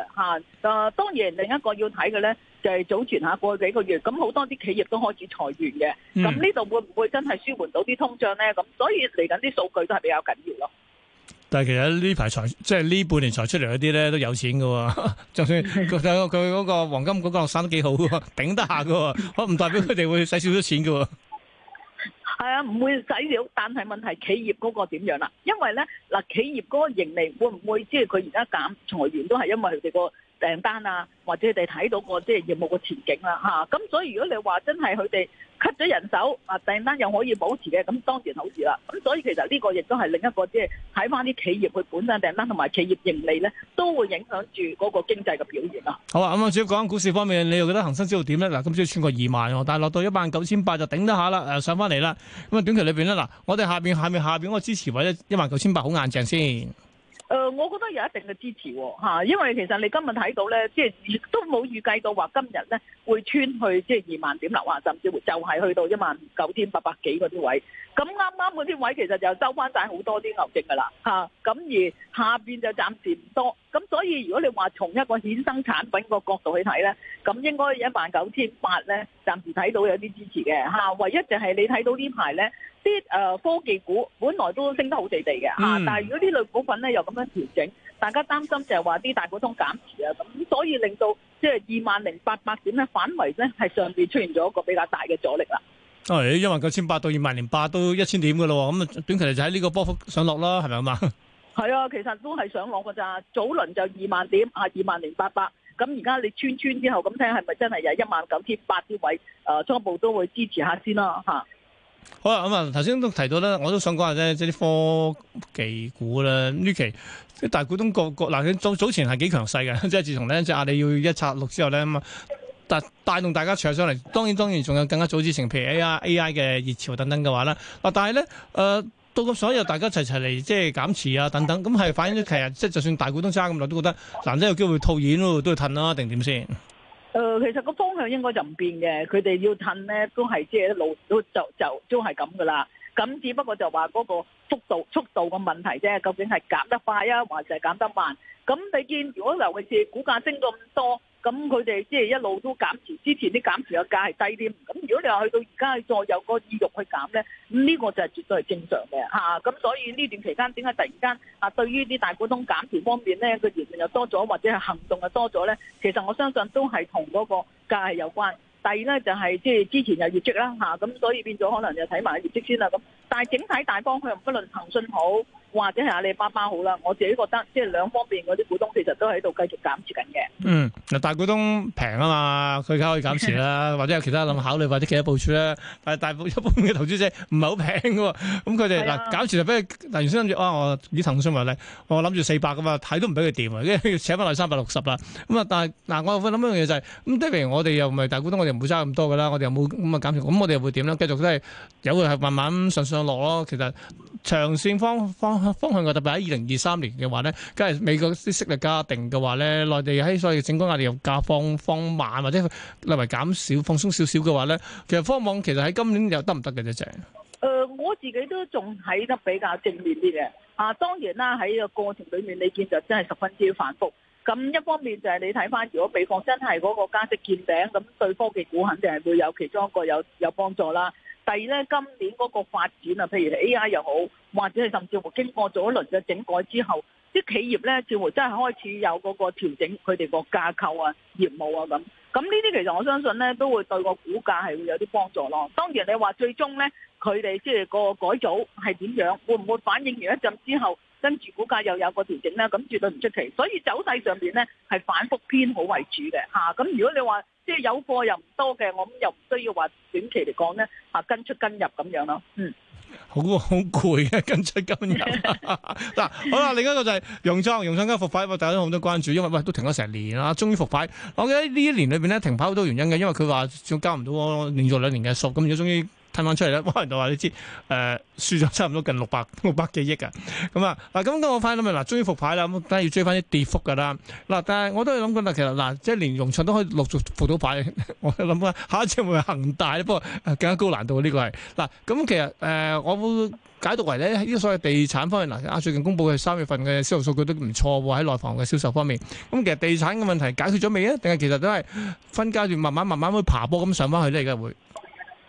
嚇。啊，當然另一個要睇嘅咧，就係、是、早前一下過去幾個月，咁好多啲企業都開始裁員嘅，咁呢度會唔會真係舒緩到啲通脹咧？咁所以嚟緊啲數據都係比較緊要咯、嗯。但係其實呢排裁，即係呢半年裁出嚟嗰啲咧都有錢嘅喎，就算佢佢嗰個黃金嗰個，個生得幾好嘅喎，頂得下嘅喎，唔代表佢哋會使少少錢嘅喎。係啊，唔會洗了，但係問題企業嗰個點樣啦？因為咧，嗱，企業嗰個盈利會唔會即係佢而家減裁員都係因為佢哋嗰個。訂單啊，或者你哋睇到個即係業務個前景啦，吓、啊、咁所以如果你話真係佢哋吸咗人手，啊訂單又可以保持嘅，咁當然好事啦。咁所以其實呢個亦都係另一個即係睇翻啲企業佢本身訂單同埋企業盈利咧，都會影響住嗰個經濟嘅表現啦。好啊，咁啊主要講緊股市方面，你又覺得恒生指數點咧？嗱，今朝要穿過二萬，但係落到一萬九千八就頂得下啦，誒、呃、上翻嚟啦。咁啊短期裏邊咧，嗱，我哋下邊下面下邊個支持位咧一萬九千八好硬淨先。誒、呃，我覺得有一定嘅支持吓、哦，因為其實你今日睇到咧，即係都冇預計到話今日咧會穿去即係二萬點樓，話甚至乎就係去到一萬九千八百幾嗰啲位。咁啱啱嗰啲位其實就收翻晒好多啲牛證噶啦嚇，咁、啊、而下面就暫時唔多，咁所以如果你話從一個衍生產品個角度去睇咧，咁應該一萬九千八咧暫時睇到有啲支持嘅、啊、唯一就係你睇到呢排咧啲科技股本來都升得好地地嘅、啊、但係如果呢類股份咧又咁樣調整，大家擔心就係話啲大股東減持啊，咁所以令到即係二萬零八百點呢，範圍咧係上面出現咗一個比較大嘅阻力啦。誒、哦，一萬九千八到二萬零八都一千點嘅咯，咁啊短期就喺呢個波幅上落啦，係咪啊嘛？係啊，其實都係上落嘅咋，早輪就二萬點啊，二萬零八百。咁而家你穿穿之後，咁睇係咪真係有一萬九千八啲位誒初步都會支持一下先啦，吓、啊。好、嗯、啦，咁啊頭先都提到咧，我都想講下咧，即係啲科技股啦，呢期啲大股東個個，嗱早、啊、早前係幾強勢嘅，即係自從咧即係阿里要一拆六之後咧，咁啊。帶帶動大家上上嚟，當然當然仲有更加早之成片 A I A I 嘅熱潮等等嘅話啦。啊，但係咧，誒、呃、到咁所有大家齊齊嚟即係減持啊等等，咁係反映咗其實即係就算大股東揸咁耐都覺得難，真有機會套現咯，都要褪啦定點先？誒、呃，其實個方向應該就唔變嘅，佢哋要褪咧都係即係路都就是就都係咁噶啦。咁、就是、只不過就話嗰個速度速度嘅問題啫，究竟係減得快啊，還是係減得慢？咁你見如果尤其是股價升咁多。咁佢哋即係一路都減持，之前啲減持嘅價係低啲。咁如果你話去到而家再有個意欲去減咧，咁呢個就係絕對係正常嘅嚇、啊、咁所以呢段期間點解突然間啊，對於啲大股東減持方面咧，個言論又多咗，或者係行動又多咗咧？其實我相信都係同嗰個價係有關。第二咧就係即係之前有業績啦嚇，咁所以變咗可能就睇埋業績先啦。咁但係整體大方向，不論騰訊好，或者係阿里巴巴好啦，我自己覺得即係兩方邊兩方面嗰啲股東其實都喺度繼續減持緊嘅。嗯，大股東平啊嘛，佢梗係可以減持啦， 或者有其他諗考慮或者其他部署啦。但係大一般嘅投資者唔係好平嘅，咁佢哋嗱減持就俾佢嗱原先諗住啊，我以騰訊為例，我諗住四百嘅嘛，睇都唔俾佢掂啊，因 要扯翻落去三百六十啦。咁、嗯、啊，但係嗱、呃，我諗一樣嘢就係、是、咁、嗯，例如我哋又唔係大股東，我哋唔會揸咁多嘅啦，我哋又冇咁啊減持，咁、嗯、我哋又會點咧？繼續都、就、係、是、有會係慢慢上上下落咯，其實。長線方方方向嘅，特別喺二零二三年嘅話咧，梗係美國啲息率加定嘅話咧，內地喺所以整體壓力又加放放慢或者嚟埋減少放鬆少少嘅話咧，其實方網其實喺今年又得唔得嘅啫？誒、呃，我自己都仲睇得比較正面啲嘅。啊，當然啦，喺個過程裏面，你見就真係十分之繁複。咁一方面就係你睇翻，如果美方真係嗰個加息見頂，咁對科技股肯定係會有其中一個有有幫助啦。第二咧，今年嗰個發展啊，譬如 A.I. 又好，或者係甚至乎經過咗一輪嘅整改之後，啲企業咧，似乎真係開始有嗰個調整佢哋個架構啊、業務啊咁。咁呢啲其實我相信咧，都會對個股價係會有啲幫助咯。當然你話最終咧，佢哋即係個改組係點樣，會唔會反映完一陣之後？跟住股價又有個調整啦，咁絕對唔出奇。所以走勢上邊咧係反覆偏好為主嘅，吓、啊。咁如果你話即係有貨又唔多嘅，我諗又唔需要話短期嚟講咧吓，跟出跟入咁樣咯。嗯，好好攰嘅、啊、跟出跟入。嗱， 好啦，另一個就係融創，融創而家復牌，大家都好多關注，因為喂都停咗成年啦，終於復牌。我記得呢一年裏邊咧停牌好多原因嘅，因為佢話仲交唔到，連續兩年嘅數，咁而家終於。褪翻出嚟啦，可能就話你知誒、呃，輸咗差唔多近六百六百幾億嘅，咁啊嗱，咁都我翻諗咪嗱，終於復牌啦，咁梗係要追翻啲跌幅噶啦，嗱，但係我都係諗緊啦，其實嗱，即係連融場都可以陸續復到牌，我諗啊，下一隻會係恒大啦，不過、啊、更加高難度呢個係嗱，咁其實誒、呃，我會解讀為咧，呢、呢個所謂地產方面嗱，最近公佈嘅三月份嘅銷售數據都唔錯喎，喺內房嘅銷售方面，咁其實地產嘅問題解決咗未啊？定係其實都係分階段慢慢慢慢爬去爬坡咁上翻去咧，而家會。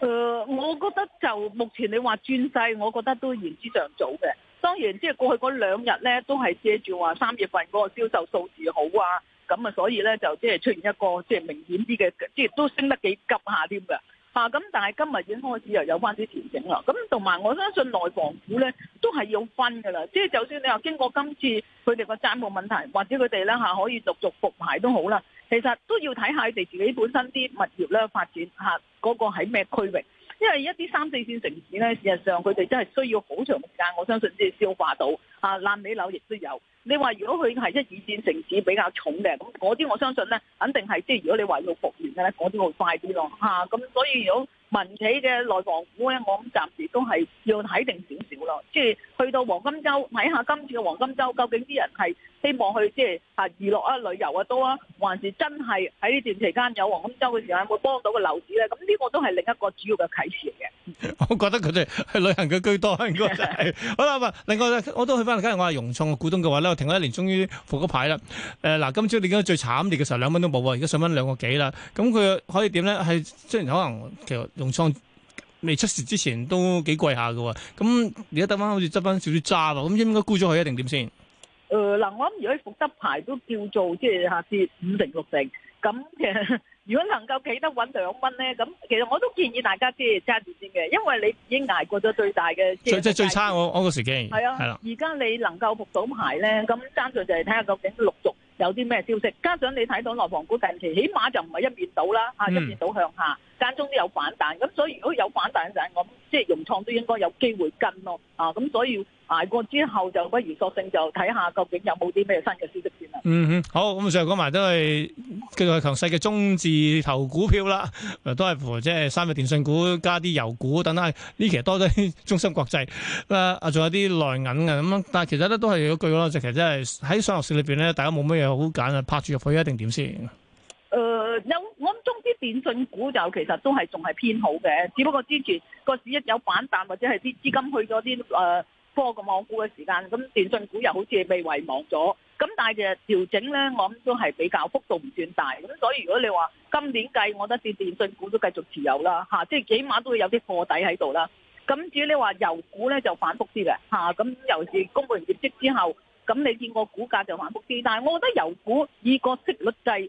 誒、呃，我覺得就目前你話轉勢，我覺得都言之尚早嘅。當然，即係過去嗰兩日咧，都係借住話三月份嗰個銷售數字好啊，咁啊，所以咧就即係出現一個即係明顯啲嘅，即係都升得幾急下添嘅。啊，咁但係今日已經開始又有翻啲調整啦。咁同埋，我相信內房股咧都係要分噶啦。即係就算你話經過今次佢哋個債務問題，或者佢哋咧吓可以陸續復牌都好啦，其實都要睇下佢哋自己本身啲物業咧發展吓。嗰個喺咩區域？因為一啲三四線城市呢，事實上佢哋真係需要好長時間，我相信先消化到。啊，爛尾樓亦都有。你話如果佢係一二線城市比較重嘅，咁嗰啲我相信呢，肯定係即係如果你話要復原咧，嗰啲會快啲咯。嚇、啊，咁所以如果民企嘅內房股呢，我諗暫時都係要睇定少少咯。即係去到黃金周睇下今次嘅黃金周，究竟啲人係。希望去即係吓娛樂啊、旅遊啊都啊，還是真係喺呢段期間有黃金周嘅時間會幫到個樓市咧？咁呢個都係另一個主要嘅啟示嚟嘅。我覺得佢哋去旅行嘅居多應該係、就是、 好啦。另外我都去翻。今日我係融創嘅股東嘅話咧，我停咗一年，終於復咗牌啦。誒，嗱，今朝點解最慘跌嘅時候兩蚊都冇啊？而家上翻兩個幾啦。咁、嗯、佢可以點咧？係雖然可能其實融創未出事之前都幾貴、嗯、下嘅。咁而家等翻好似執翻少少渣啦。咁應該沽咗佢一定點先？誒，嗱，我諗如果復得牌都叫做即係下跌五成六成，咁其實如果能夠企得穩兩蚊咧，咁其實我都建議大家即係揸住先嘅，因為你已經挨過咗最大嘅，最即係最差我我個時機。係啊，係啦。而家你能夠復到牌咧，咁爭在就係睇下究竟陸續有啲咩消息，加上你睇到內房股近期，起碼就唔係一面倒啦，啊，一面倒向下。間中都有反彈，咁所以如果有反彈嘅陣，我即係融創都應該有機會跟咯，啊，咁所以捱過之後就不如索性就睇下究竟有冇啲咩新嘅消息先啦。嗯，好，咁上日講埋都係叫做強勢嘅中字頭股票啦，都係乎即係三大電信股加啲油股等等，呢期多咗啲中芯國際，啊一啊，仲有啲內銀嘅，咁樣，但係其實咧都係嗰句咯，就其實真係喺上落市裏邊咧，大家冇乜嘢好揀啊，拍住入去一定點先。誒有我諗，中資電信股就其實都係仲係偏好嘅，只不過之前個市一有反彈或者係啲資金去咗啲誒科嘅網股嘅時間，咁電信股又好似被遺忘咗。咁但係調整咧，我諗都係比較幅度唔算大。咁所以如果你話今年計，我覺得電電信股都繼續持有啦，嚇，即係起碼都會有啲貨底喺度啦。咁至於你話油股咧就反覆啲嘅嚇，咁尤其是公布完業績之後，咁你見過個股價就反覆啲。但係我覺得油股以個息率計。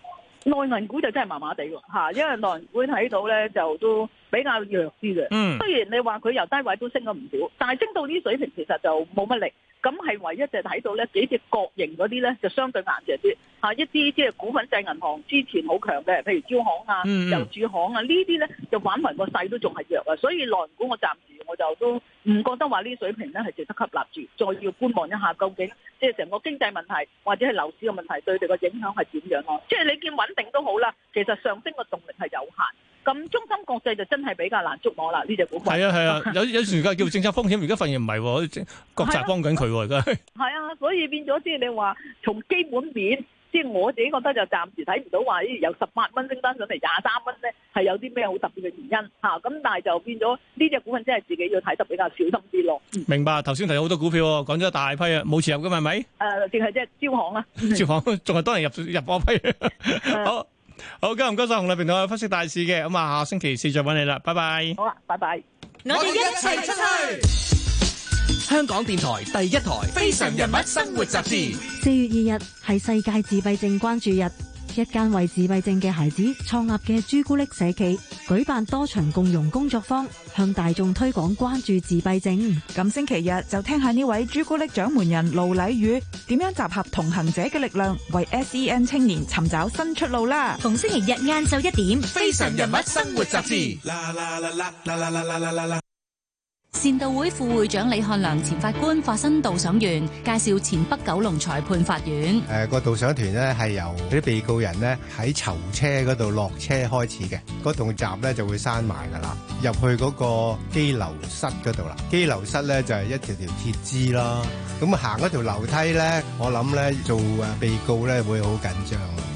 內銀股就真係麻麻地喎，吓，因為內銀股睇到咧就都比較弱啲嘅。嗯，雖然你話佢由低位都升咗唔少，但係升到啲水平其實就冇乜力。咁係唯一就睇到咧幾隻國營嗰啲咧就相對硬淨啲。吓，一啲即係股份制銀行之前好強嘅，譬如招行啊、郵儲行啊呢啲咧就玩埋個勢都仲係弱啊。所以內銀股我暫時。我就都唔覺得話呢啲水平咧係值得吸納住，再要觀望一下究竟即係成個經濟問題或者係樓市嘅問題對佢哋嘅影響係點樣咯？即係你見穩定都好啦，其實上升嘅動力係有限。咁中心國際就真係比較難捉摸啦，呢隻股票係啊係啊，有有段時間叫政策風險，而家發現唔係，國策幫緊佢而家係。係啊，所以變咗即係你話從基本面。即係我自己覺得就暫時睇唔到話呢，有十八蚊升單上嚟廿三蚊咧，係有啲咩好特別嘅原因嚇咁，但係就變咗呢隻股份真係自己要睇得比較小心啲咯。明白，頭先提到好多股票喎，講咗一大批啊，冇持有嘅係咪？誒，淨係即係招行啦，招行仲係多人入入波批。好好，今日唔該曬紅日平台分析大市嘅，咁啊下星期四再揾你啦，拜拜。好啦，拜拜，我哋一齊出去。香港電台第一台《非常人物生活雜誌》四月二日係世界自閉症關注日，一間為自閉症嘅孩子創立嘅朱古力社企舉辦多場共融工作坊，向大眾推廣關注自閉症。咁星期日就聽下呢位朱古力掌門人盧禮宇點樣集合同行者嘅力量，為 SEN 青年尋找新出路啦！逢星期日晏晝一點，《非常人物生活雜誌》。善道會副會長李漢良前法官發生導賞員介紹前北九龍裁判法院。誒、呃，個導賞團咧係由啲被告人咧喺囚車嗰度落車開始嘅，嗰棟閘咧就會閂埋噶啦，入去嗰個機樓室嗰度啦。機樓室咧就係一條條鐵枝啦，咁行嗰條樓梯咧，我諗咧做誒被告咧會好緊張。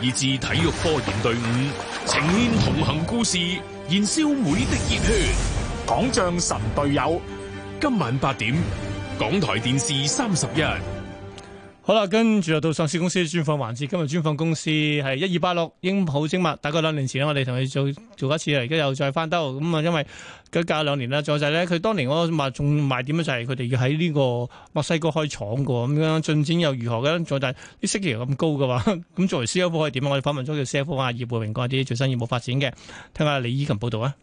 以至體育科研隊伍，情牽同行故事，燃燒每滴熱血，講將神隊友。今晚八點，港台電視三十一。好啦，跟住又到上市公司專訪環節。今日專訪公司係一二八六英普精密。大概兩年前我哋同佢做做一次啦，而家又再翻兜。咁啊，因為隔咗兩年啦，再就咧，佢當年我話仲賣點就係佢哋要喺呢個墨西哥開廠嘅咁樣進展又如何嘅？再就啲息期咁高嘅話，咁作為 C F O 可以點啊？我哋訪問咗佢 C F O 阿葉慧榮講下啲最新業務發展嘅，聽下李依琴報道啊。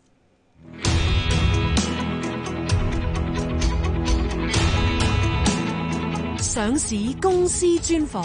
上市公司專訪。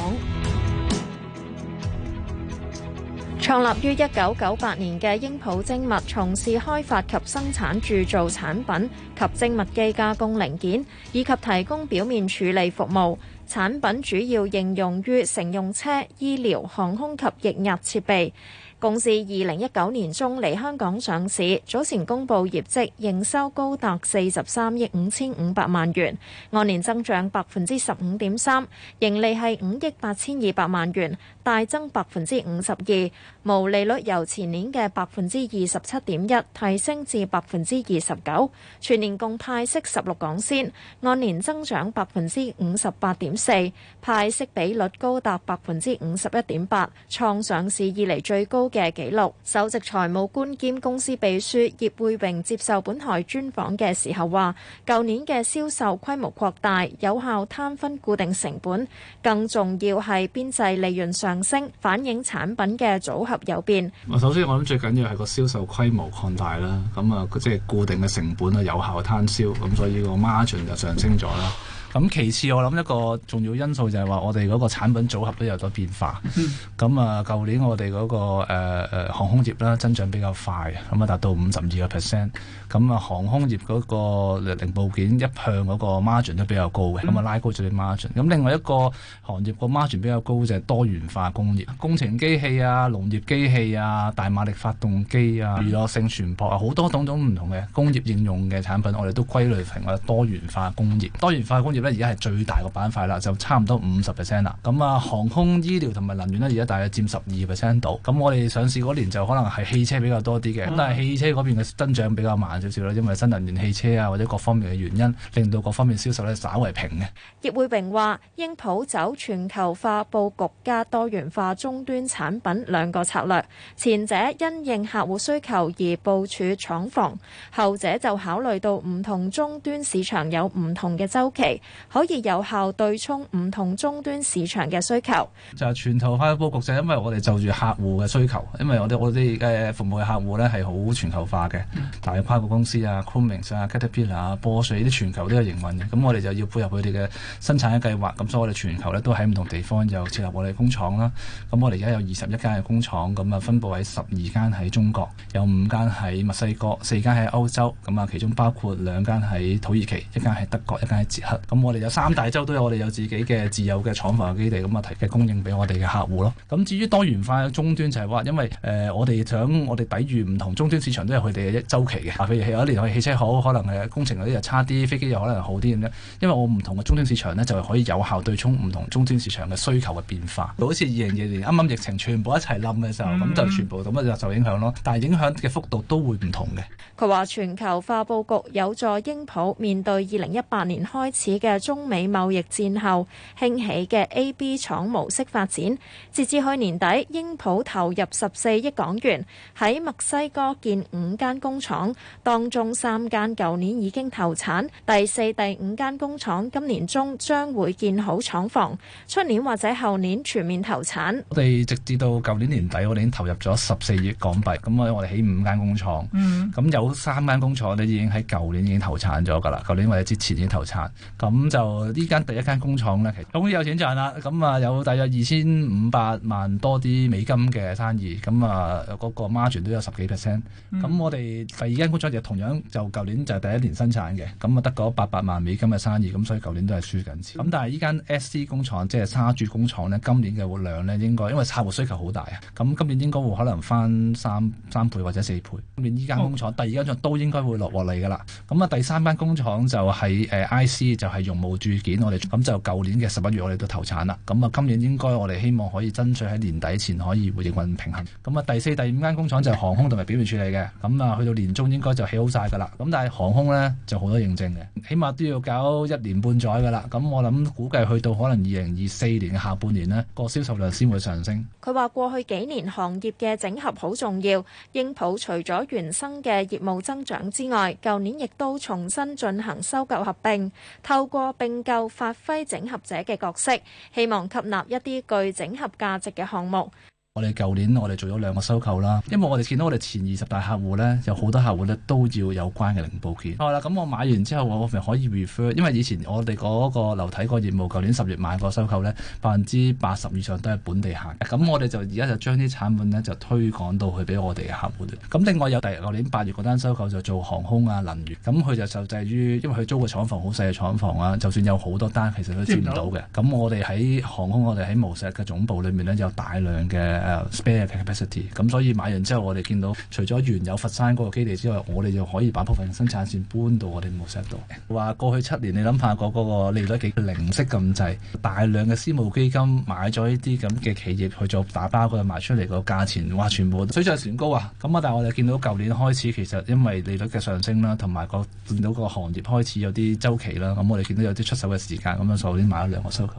創立於一九九八年嘅英普精密，從事開發及生產鑄造產品及精密機加工零件，以及提供表面處理服務。產品主要應用於乘用車、醫療、航空及液壓設備。公司二零一九年中嚟香港上市，早前公布業績，營收高達四十三億五千五百萬元，按年增長百分之十五點三，盈利係五億八千二百萬元，大增百分之五十二，毛利率由前年嘅百分之二十七點一提升至百分之二十九，全年共派息十六港仙，按年增長百分之五十八點四，派息比率高達百分之五十一點八，創上市以嚟最高嘅記錄，首席財務官兼公司秘書葉惠榮接受本台專訪嘅時候話：舊年嘅銷售規模擴大，有效攤分固定成本，更重要係邊際利潤上升，反映產品嘅組合有變。首先我諗最緊要係個銷售規模擴大啦，咁啊，即係固定嘅成本啊有效攤銷，咁所以個 margin 就上升咗啦。咁其次，我諗一個重要因素就係話，我哋嗰個產品組合都有咗變化。咁啊、嗯，舊年我哋嗰、嗰個誒、呃、航空業啦，增長比較快，咁啊達到五十二個 percent。咁啊，航空業嗰個零部件一向嗰個 margin 都比較高嘅，咁啊、嗯、拉高咗啲 margin。咁另外一個行業個 margin 比較高就係多元化工業，工程機器啊、農業機器啊、大馬力發動機啊、娛樂性船舶啊，好多種種唔同嘅工業應用嘅產品，我哋都歸類成為多元化工業多元化工業。多元化工業咧而家係最大個板塊啦，就差唔多五十 percent 啦。咁啊，航空醫療同埋能源呢，而家大約佔十二 percent 度。咁我哋上市嗰年就可能係汽車比較多啲嘅，咁、嗯、但係汽車嗰邊嘅增長比較慢少少啦，因為新能源汽車啊或者各方面嘅原因，令到各方面銷售咧稍為平嘅。葉會平話：英普走全球化佈局加多元化終端產品兩個策略，前者因應客戶需求而部署廠房，後者就考慮到唔同終端市場有唔同嘅周期。可以有效對沖唔同終端市場嘅需求，就係全球化布局就係、是、因為我哋就住客戶嘅需求，因為我哋我哋而家服務嘅客戶咧係好全球化嘅，嗯、大跨國公司啊，Cummins 啊、Caterpillar 啊、Boeing< 瑞>啲全球都有營運嘅，咁我哋就要配合佢哋嘅生產嘅計劃，咁所以我哋全球咧都喺唔同地方就設立我哋工廠啦。咁我哋而家有二十一間嘅工廠，咁啊分佈喺十二間喺中國，有五間喺墨西哥，四間喺歐洲，咁啊其中包括兩間喺土耳其，一間喺德國，一間喺捷克。咁我哋有三大洲都有，我哋有自己嘅自有嘅廠房基地，咁啊提嘅供,供應俾我哋嘅客戶咯。咁至於多元化終端就係話，因為誒、呃、我哋想我哋抵御唔同終端市場都有佢哋嘅周期嘅。啊，譬如有一年去汽車好，可能係工程嗰啲又差啲，飛機又可能好啲咁樣。因為我唔同嘅終端市場咧，就可以有效對沖唔同終端市場嘅需求嘅變化。就好似二零二零啱啱疫情全部一齊冧嘅時候，咁、嗯、就全部咁樣就受影響咯。但係影響嘅幅度都會唔同嘅。佢話全球化布局有助英普面對二零一八年開始嘅。嘅中美貿易戰後興起嘅 A B 廠模式發展，截至去年底，英普投入十四億港元喺墨西哥建五間工廠，當中三間舊年已經投產，第四、第五間工廠今年中將會建好廠房，出年或者後年全面投產。我哋直至到舊年年底，我哋已經投入咗十四億港幣，咁我哋起五間工廠。嗯，咁有三間工廠，我哋已經喺舊年已經投產咗㗎啦。舊年或者之前已經投產，咁。咁就呢間第一間工廠咧，其實終於有錢賺啦。咁啊，有大約二千五百萬多啲美金嘅生意。咁啊，嗰、那個 margin 都有十幾 percent。咁、嗯、我哋第二間工廠就同樣就舊年就第一年生產嘅，咁啊得嗰八百萬美金嘅生意。咁所以舊年都係輸緊錢。咁但係依間 S C 工廠，即係沙住工廠咧，今年嘅貨量咧應該因為客戶需求好大啊。咁今年應該會可能翻三三倍或者四倍。今年依間工廠，哦、第二間廠都應該會落落嚟㗎啦。咁啊，第三間工廠就喺、是呃、I C 就係、是。用務注件，我哋咁就舊年嘅十一月，我哋都投產啦。咁啊，今年應該我哋希望可以爭取喺年底前可以回應運平衡。咁啊，第四、第五間工廠就係航空同埋表面處理嘅。咁啊，去到年中應該就起好晒噶啦。咁但係航空咧就好多認證嘅，起碼都要搞一年半載噶啦。咁我諗估計去到可能二零二四年嘅下半年咧，個銷售量先會上升。佢話過去幾年行業嘅整合好重要。英普除咗原生嘅業務增長之外，舊年亦都重新進行收購合併。透過過併購發揮整合者嘅角色，希望吸納一啲具整合價值嘅項目。我哋舊年我哋做咗兩個收購啦，因為我哋見到我哋前二十大客戶呢，有好多客戶呢都要有關嘅零部件。係啦、哦，咁我買完之後我咪可以 refer，因為以前我哋嗰個樓體個業務，舊年十月買個收購呢，百分之八十以上都係本地客。咁我哋就而家就將啲產品呢就推廣到去俾我哋嘅客戶。咁另外有第舊年八月嗰單收購就做航空啊能源，咁佢就受制於，因為佢租嘅廠房好細嘅廠房啦、啊，就算有好多單其實都接唔到嘅。咁我哋喺航空，我哋喺無錫嘅總部裏面呢，有大量嘅。誒咁、uh, spare capacity, 所以買完之後，我哋見到除咗原有佛山嗰個基地之外，我哋就可以把部分生產線搬到我哋無錫度。話過去七年，你諗下嗰個利率幾零息咁滯，大量嘅私募基金買咗呢啲咁嘅企業去做打包，佢賣出嚟個價錢，嘩，全部水漲船高啊！咁啊，但係我哋見到舊年開始，其實因為利率嘅上升啦，同埋、個見到個行業開始有啲周期啦，咁我哋見到有啲出手嘅時間，咁樣已經買咗兩個收購。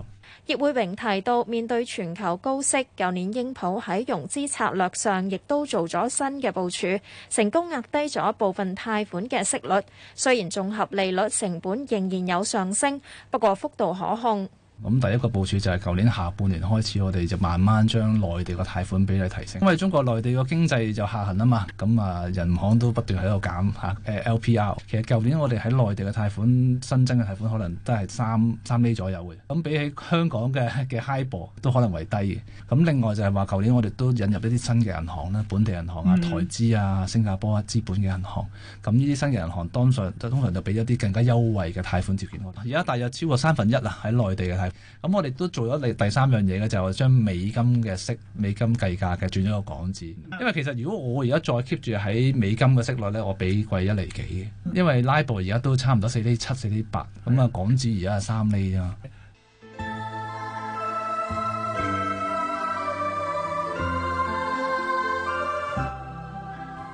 葉惠榮提到，面對全球高息，舊年英普喺融資策略上亦都做咗新嘅部署，成功壓低咗部分貸款嘅息率。雖然綜合利率成本仍然有上升，不過幅度可控。咁第一個部署就係舊年下半年開始，我哋就慢慢將內地嘅貸款比例提升，因為中國內地嘅經濟就下行啦嘛，咁啊，銀行都不斷喺度減嚇，LPR。呃、其實舊年我哋喺內地嘅貸款新增嘅貸款可能都係三三厘左右嘅，咁比起香港嘅嘅 HIBOR 都可能為低嘅。咁另外就係話，舊年我哋都引入一啲新嘅銀行啦，本地銀行啊、嗯、台資啊、新加坡啊、資本嘅銀行，咁呢啲新嘅銀行當上就通常就俾一啲更加優惠嘅貸款條件我。而家大約超過三分一啊，喺內地嘅貸款。咁、嗯、我哋都做咗第第三樣嘢嘅，就係、係、將美金嘅息、美金計價嘅轉咗個港紙。因為其實如果我而家再 keep 住喺美金嘅息率咧，我畀貴一釐幾嘅。因為拉布而家都差唔多四厘七、四厘八，咁啊港紙而家係三厘吖嘛。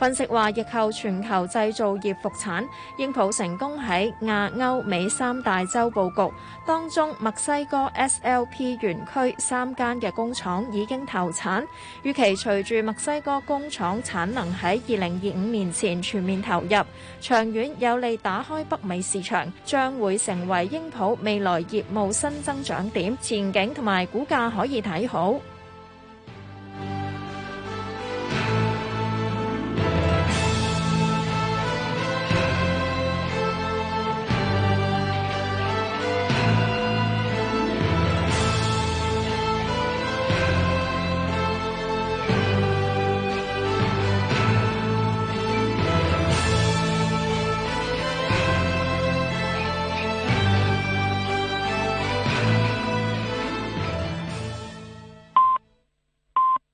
分析話，日後全球製造業復產，英普成功喺亞歐美三大洲佈局，當中墨西哥 SLP 園區三間嘅工廠已經投產，預期隨住墨西哥工廠產能喺二零二五年前全面投入，長遠有利打開北美市場，將會成為英普未來業務新增長點，前景同埋股價可以睇好。